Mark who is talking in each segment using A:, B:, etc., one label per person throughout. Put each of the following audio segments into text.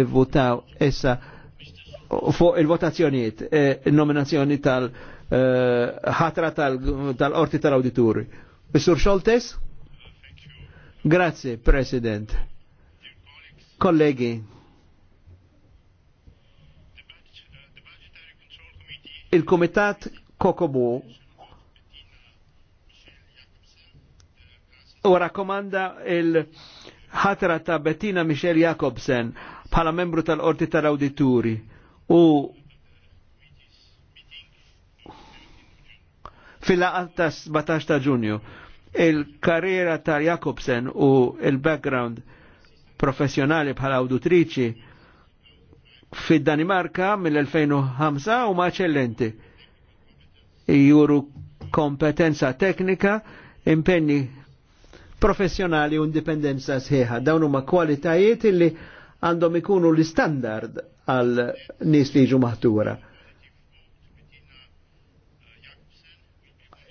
A: votaw essa fuq il-votazzjoniet, il-nominazzjoni e tal-ħatra e, tal-orti tal-auditori. Sur Xoltes? Grazie, President. Kollegi, il-Komitat Kokobu u rakomanda il-ħatra ta' Bettina Michelle Jacobsen bħala membru tal-Qorti tal-Awdituri u fil-laqat ta' 17 ta' ġunju il-karriera ta' Jakobsen u il-background professjonali bħala awdutriċi fid-Danimarka mill-2005 u maċellenti. Juru kompetenza teknika, impenni professjonali u indipendenza sħiħa. Dawn huma kwalitajiet illi għandhom ikunu l-istandard għal nis li ġu maħtura.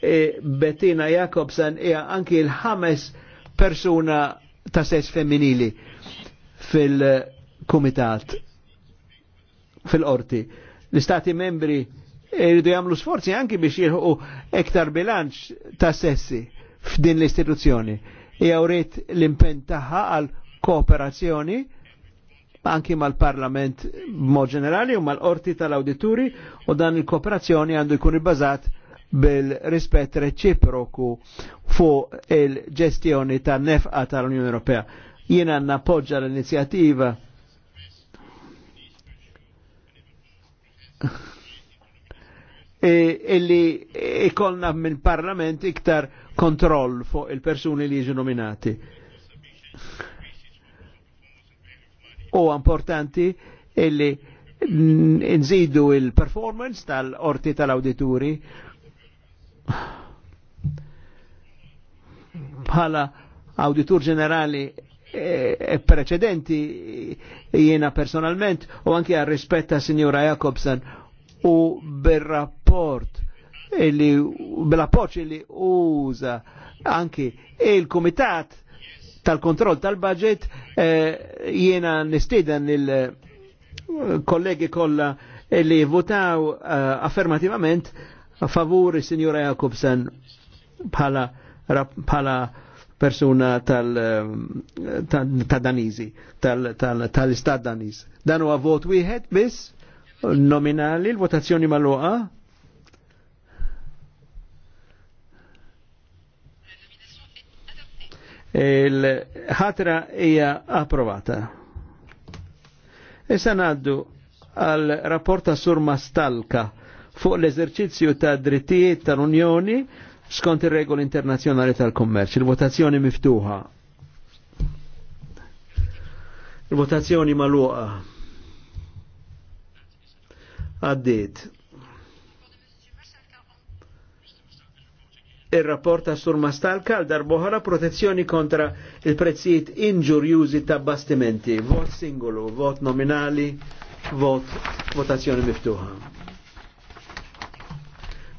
A: E Bettina Jakobsen hija anki l-ħames persuna ta' sess femminili fil-komitat fil-qorti. L-istati membri jridu jagħmlu sforzi anki biex jilħu ektar bilanċ ta' sessi f'din l-istituzzjoni. Hija e l impenn tagħha għal kooperazzjoni anki mal-Parlament mod ġenerali u mal-Orti tal-Awdituri u dan il-kooperazzjoni għandu jkun ibbażat bil-rispett reċiproku fu il-ġestjoni ta' nefqa tal-Unjoni Ewropea. Jiena nappoġġa l inizjativa e, illi ikollna minn parlament iktar kontroll fuq il-persuni li jiġu nominati u importanti illi nżidu il-performance tal-orti tal audituri bħala auditur ġenerali e eh, precedenti jiena personalment u anki għal rispetta signora Jacobson u bil-rapport bil-appoċ li uża anki il-komitat tal-kontroll tal-budget eh, jiena nistiden il-kollegi eh, kollha li votaw eh, affermativament favur il signora Jakobsen bħala persuna tal-Danizi, tal-Istat Daniz. Dan huwa vot wieħed biss nominali, l-votazzjoni mal Il-ħatra hija approvata. Issa ngħaddu għal rapport ta' Sur fuq l-eżerċizzju ta' drittijiet tal-Unjoni skont ir-regoli internazzjonali tal-kummerċ. Il-votazzjoni miftuħa. Il-votazzjoni maluqa. Għaddiet. il-rapport ta' Mastalka Stalka għal protezzjoni kontra il-prezzijiet inġurjużi ta' bastimenti. Vot singolu, vot nominali, vot votazzjoni miftuħa.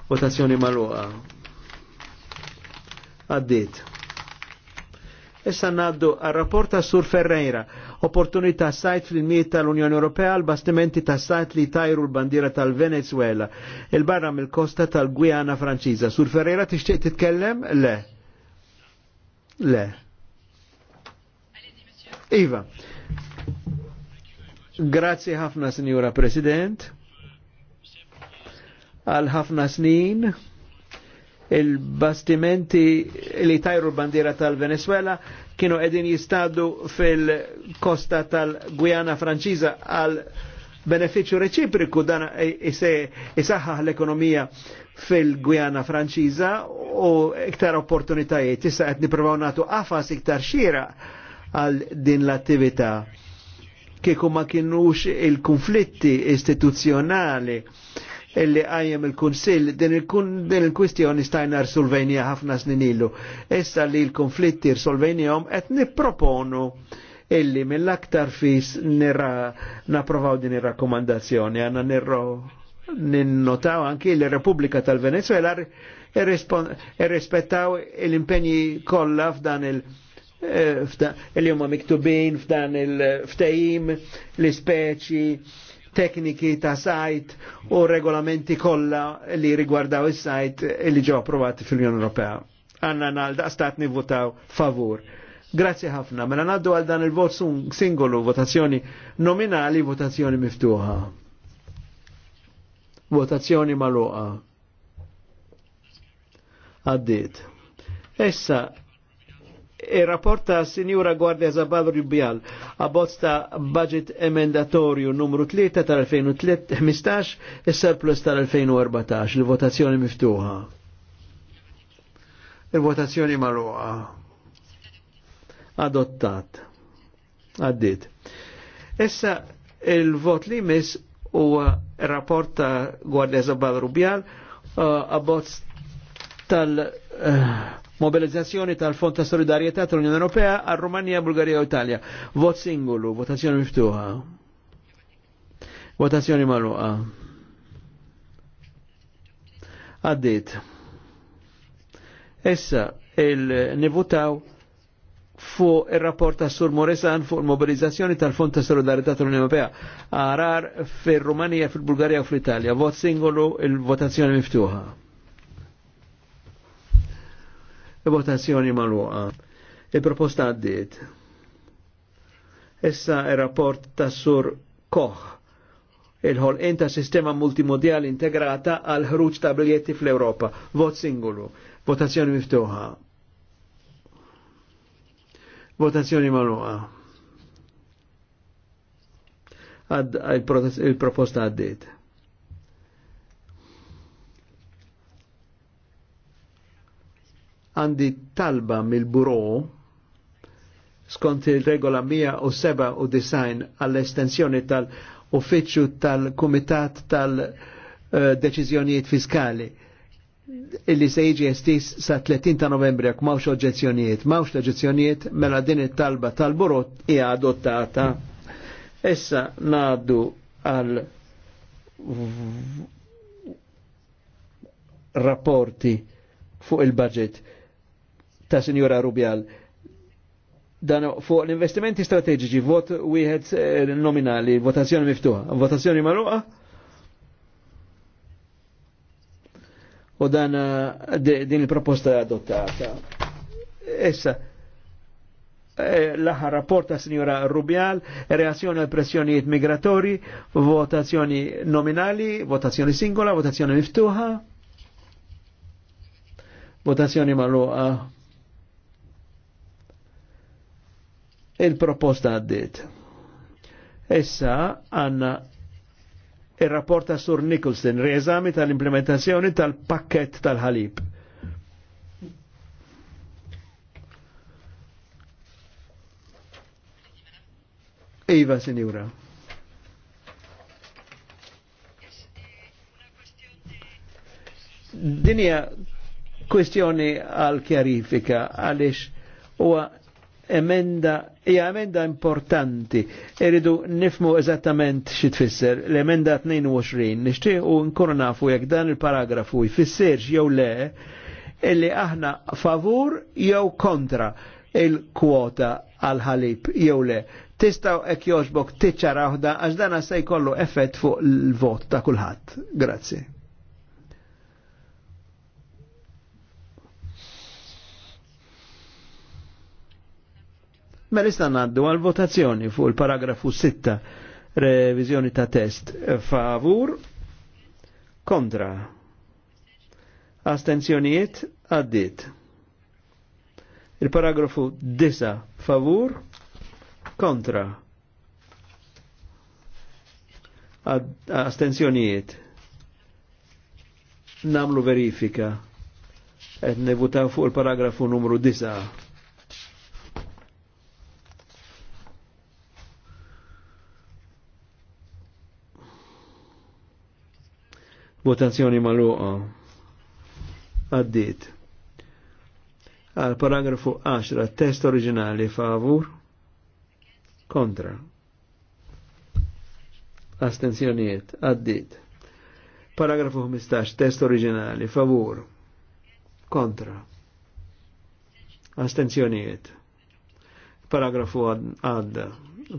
A: Votazzjoni maluqa. Għaddit. Issa naddu għal-rapport ta' Sur Ferreira, opportunità sajt fil-miet tal-Unjoni Ewropea għal bastimenti ta' sajt li tajru l-bandira tal-Venezuela, il-barra mill-kosta tal-Gwiana Franċiża. Sur Ferreira tixtieq titkellem? Le. Le. Iva. Grazie ħafna, Signora President. Għal ħafna snin il-bastimenti li tajru bandiera tal-Venezuela kienu edin jistaddu fil-kosta tal-Gujana Franċiza għal beneficju reċipriku dan jisaħħaħ l-ekonomija fil-Gujana Franċiza u iktar opportunitajiet. Issa qed nippruvaw nagħtu qafas iktar xira għal din l-attività kieku ma kienux il-konflitti istituzzjonali illi għajjem il-Kunsill din il-kwistjoni stajna rsolvenja ħafna snin ilu. Issa li l-konflitti rsolvenjom qed nipproponu illi mill-aktar fis naprovaw din ir-rakkomandazzjoni għandna nirro ninnotaw anki l-Repubblika tal-Venezuela irrispettaw l-impegni kollha f'dan il- eh, li huma miktubin f'dan il l tekniki ta' sajt u regolamenti kollha li rigwardaw is-sajt li ġew approvati fil-Unjoni Ewropea. Għanna nalda stat nivvotaw favur. Grazie ħafna, mela naddu għal dan il-vot singolu votazzjoni nominali, votazzjoni miftuħa. Votazzjoni maluqa. Għaddit. Issa il rapporta signora Sinjura Guardia Zabal Rubjal abbozz ta' budget emendatorju numru 3 tal-2015 is surplus tal-2014, il-votazzjoni miftuħa. Il-votazzjoni marruqa. Adottat. Għaddit. Issa il-vot li mis u rapporta Guardia Zabal Rubjal uh, abbozz tal- uh, mobilizzazzjoni tal-Fond ta' Solidarietà tal-Unjoni Ewropea għal Rumanija, Bulgarija u Italja. Vot singolu, votazzjoni miftuħa. Votazzjoni magħluqa. Għaddit. Issa, il-nivutaw fuq il-rapport ta' Sur Moresan fuq il-mobilizzazzjoni tal-Fond ta' Solidarietà tal-Unjoni Ewropea arar fil rumanija fil-Bulgarija u fl-Italja. Vot singolu il-votazzjoni miftuħa votazzjoni maluqa. Il-proposta għaddit. Issa il-rapport ta' sur Koch il-ħol ta' sistema multimodjali integrata għal ħruġ ta' biljetti fl-Europa. Vot singolu. Votazzjoni miftuħa. Votazzjoni maluqa. Għad il-proposta għaddit. għandi talba mill-buro skont il-regola 107 u design għall-estensjoni tal-uffiċċju tal-Kumitat tal-Deċiżjonijiet Fiskali illi se jiġi estis sa 30 ta' novembri għak mawx oġġezzjonijiet, mawx oġġezzjonijiet mela din it-talba tal-burot hija adottata. Essa naddu għal rapporti fuq il-budget ta' Signora Rubial. Dan fuq l-investimenti strateġiċi, vot wieħed eh, nominali, votazzjoni miftuħa, votazzjoni magħluqa. U dan eh, din il-proposta adottata. Issa, eh, l-aħħar rapport ta' Rubial, reazzjoni għal pressjonijiet migratori, votazzjoni nominali, votazzjoni singola, votazzjoni miftuħa, votazzjoni magħluqa. il-proposta għaddit. Issa għanna il-rapport ta' Sur Nicholson, rieżami tal-implementazzjoni tal-pakket tal-ħalib. Iva, sinjura. Dinja kwestjoni għal kjarifika għalix u emenda, hija emenda importanti. Iridu nifmu eżattament xi tfisser. L-emenda 22 nixtiequ nkunu nafu jekk dan il-paragrafu jfissirx jew le illi aħna favur jew kontra il-kwota għal-ħalib jew le. Tistaw ek joġbok tiċċara għax dan se jkollu effett fuq il-vot ta' kulħadd. Grazzi. Mela issa ngħaddu għal votazzjoni fuq il-paragrafu 6 revizjoni ta' test favur kontra astenzjonijiet għaddit. Il-paragrafu 9 favur kontra astenzjonijiet namlu verifika et nevutaw fuq il-paragrafu numru 10. Votazzjoni maluqa. Għaddit. Għal paragrafu 10, test oriġinali favur. Kontra. Astenzjoniet. Għaddit. Paragrafu 15, test oriġinali favur. Kontra. Astenzjoniet. Paragrafu għadda.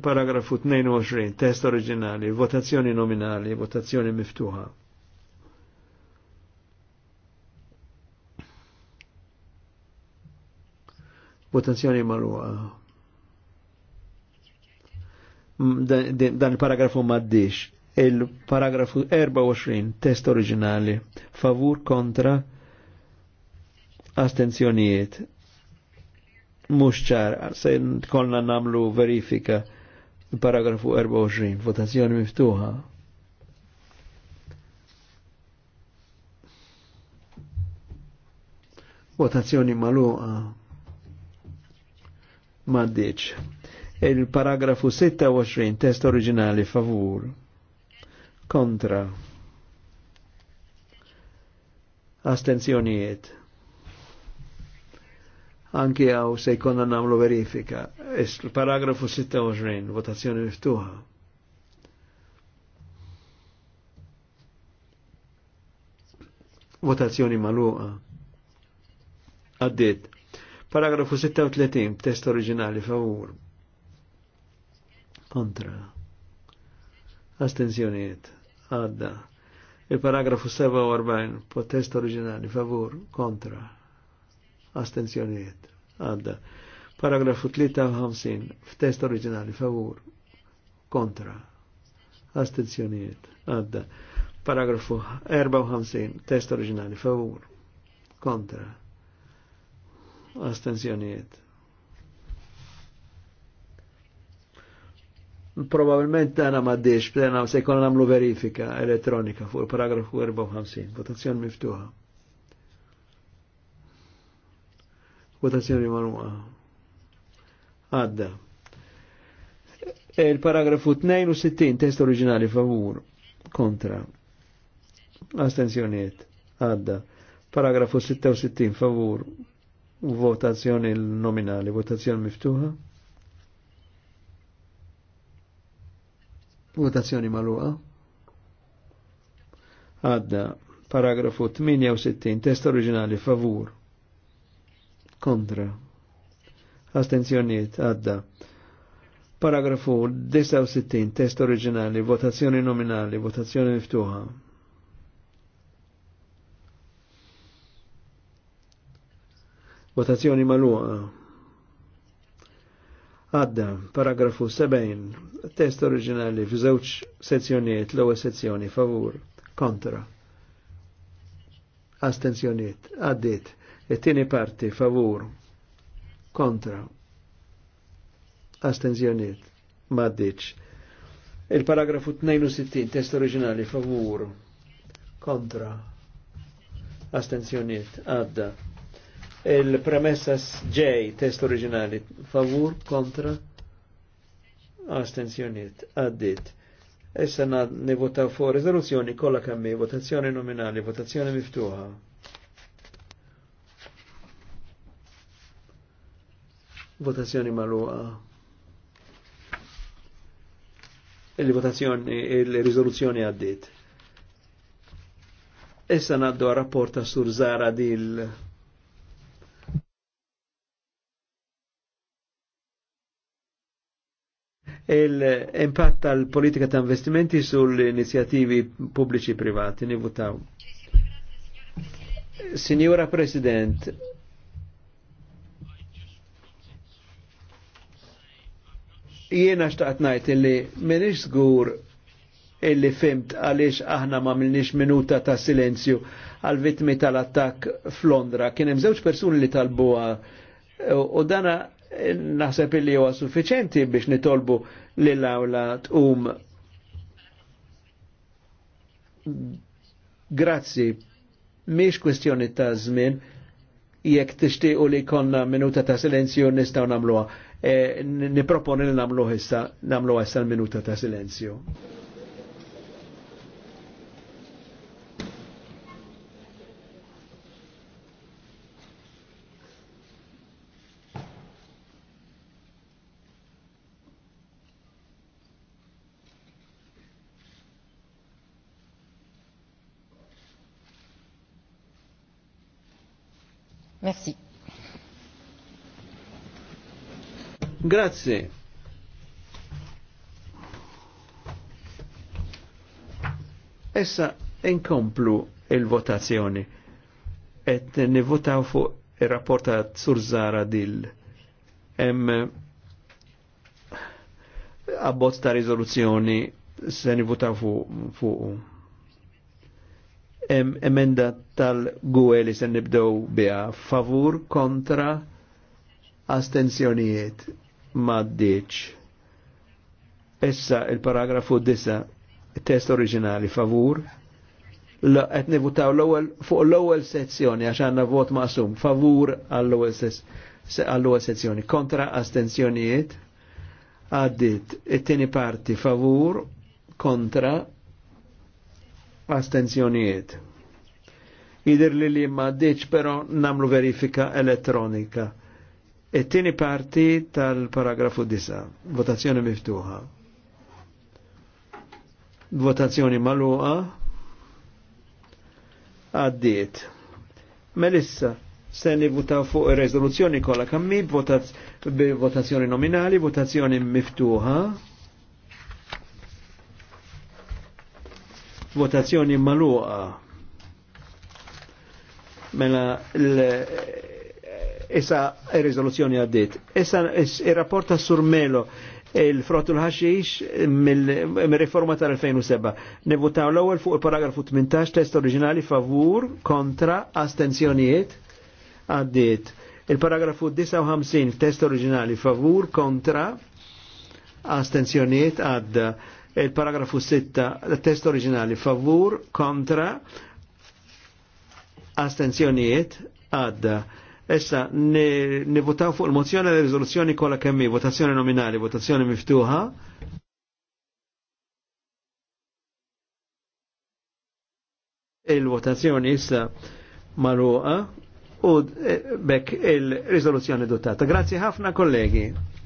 A: Paragrafu 22, test oriġinali, votazzjoni nominali, votazzjoni miftuħa. votazzjoni maluqa. Dan, dan il-paragrafu maddix. Il-paragrafu 24, test oriġinali, favur kontra astenzjonijiet. Mux ċar, se kolna namlu verifika paragrafu 24, votazzjoni miftuħa. Votazzjoni maluqa maddiċ. Il-paragrafu 26, test oriġinali, favur. Kontra. Astenzjonijiet. Anki għaw se jkonna namlu verifika. Il-paragrafu 26, votazzjoni miftuħa. Votazzjoni maluqa. Għaddit. Paragrafu 36, b'test oriġinali favur. Kontra. Astenzjoniet. Għadda. Il-paragrafu 47, b'test oriġinali favur. Kontra. Astenzjoniet. Għadda. Paragrafu 53, f'test oriġinali favur. Kontra. Astenzjoniet. Għadda. Paragrafu 54, test oriġinali favur. Kontra astenzjonijiet. Probabilment dana maddiex, plena se jkun namlu verifika elettronika fuq il-paragrafu 54, votazzjoni miftuħa. Votazzjoni manuqa. Għadda. il-paragrafu 62, test oriġinali favur, kontra. Astenzjoniet, għadda. Paragrafu 66, favur, votazzjoni nominali, votazzjoni miftuħa. Votazzjoni maluqa. Għadda, paragrafu 68, test oriġinali, favur. Kontra. Astenzjoniet, għadda. Paragrafu 69, test oriġinali, votazzjoni nominali, votazzjoni miftuħa. Votazzjoni maluqa. Għadda, paragrafu 70, test oriġinali fi żewġ sezzjonijiet, l-ewwel sezzjoni favur, kontra. Astenzjoniet, għaddit, it-tieni parti favur, kontra. Astenzjoniet, maddiċ. Il-paragrafu 62, test oriġinali favur, kontra. Astenzjoniet, għadda. Il-premessa J, test oriġinali, favur, kontra, astenzjoniet, għaddit. Issa nivotaw fuq rezoluzzjoni kollha kemm votazzjoni nominali, votazzjoni miftuħa. Votazzjoni magħluqa. Il-votazzjoni, il-riżoluzzjoni għaddit. Issa naddu rapporta Sur Zara dil l impatt tal-politika ta' investimenti sull-inizjativi pubbliċi privati nivutaw. Signora President, jiena xtaqt najt illi minix zgur illi fimt għaliex aħna ma minix minuta ta' silenzju għal vitmi tal-attak f'Londra. Kien hemm żewġ persuni li talbuha u dana naħseb illi huwa suffiċenti biex nitolbu lill awla tqum grazzi miex kwestjoni ta' żmien jekk tixtiequ li konna minuta ta' silenzju nistgħu nagħmluha. E, Niproponi li nagħmluha issa, nagħmluha issa l-minuta ta' silenzju. Merci. Grazie. Essa inkomplu il-votazzjoni. Et nivotaw fu il-rapport ta' Zurzara dil. Em abbozz ta' rizoluzzjoni se nivotaw fu, Fu em emenda tal-gwe li se nibdew biha favur kontra astenzjonijiet maddiċ. Issa il-paragrafu 9 test oriġinali favur qed nivutaw l-ewwel fuq l-ewwel sezzjoni għax għandna vot maqsum favur għall-ewwel sezzjoni kontra astensjonijiet għaddit it-tieni parti favur kontra astenzjonijiet. Idir li li ma diċ, pero namlu verifika elettronika. It-tieni e parti tal-paragrafu 9, votazzjoni miftuħa. Votazzjoni maluqa, għaddiet. Melissa, se votaw fuq il-rezoluzzjoni kolla kammi, votazzjoni nominali, votazzjoni miftuħa. Votazzjoni maluqa. Mela l issa il riżoluzzjoni għaddit. Issa il rapport ta' Surmelo il-frott u l-ħaxix mill-riforma tal-2007. Nivutaw l ewel fuq il-paragrafu 18 test oriġinali favur kontra astenzjonijiet għaddit. Il-paragrafu 59 test oriġinali favur kontra astenzjonijiet għadda il-paragrafu 6 test oriġinali favur kontra astenzjonijiet għadda. Issa nivotaw fuq il-mozzjoni e risoluzzjoni kolla kemmi, votazzjoni nominali, votazzjoni miftuħa. Il-votazzjoni issa maluqa u eh, bekk il-risoluzzjoni dotata. Grazie ħafna kollegi.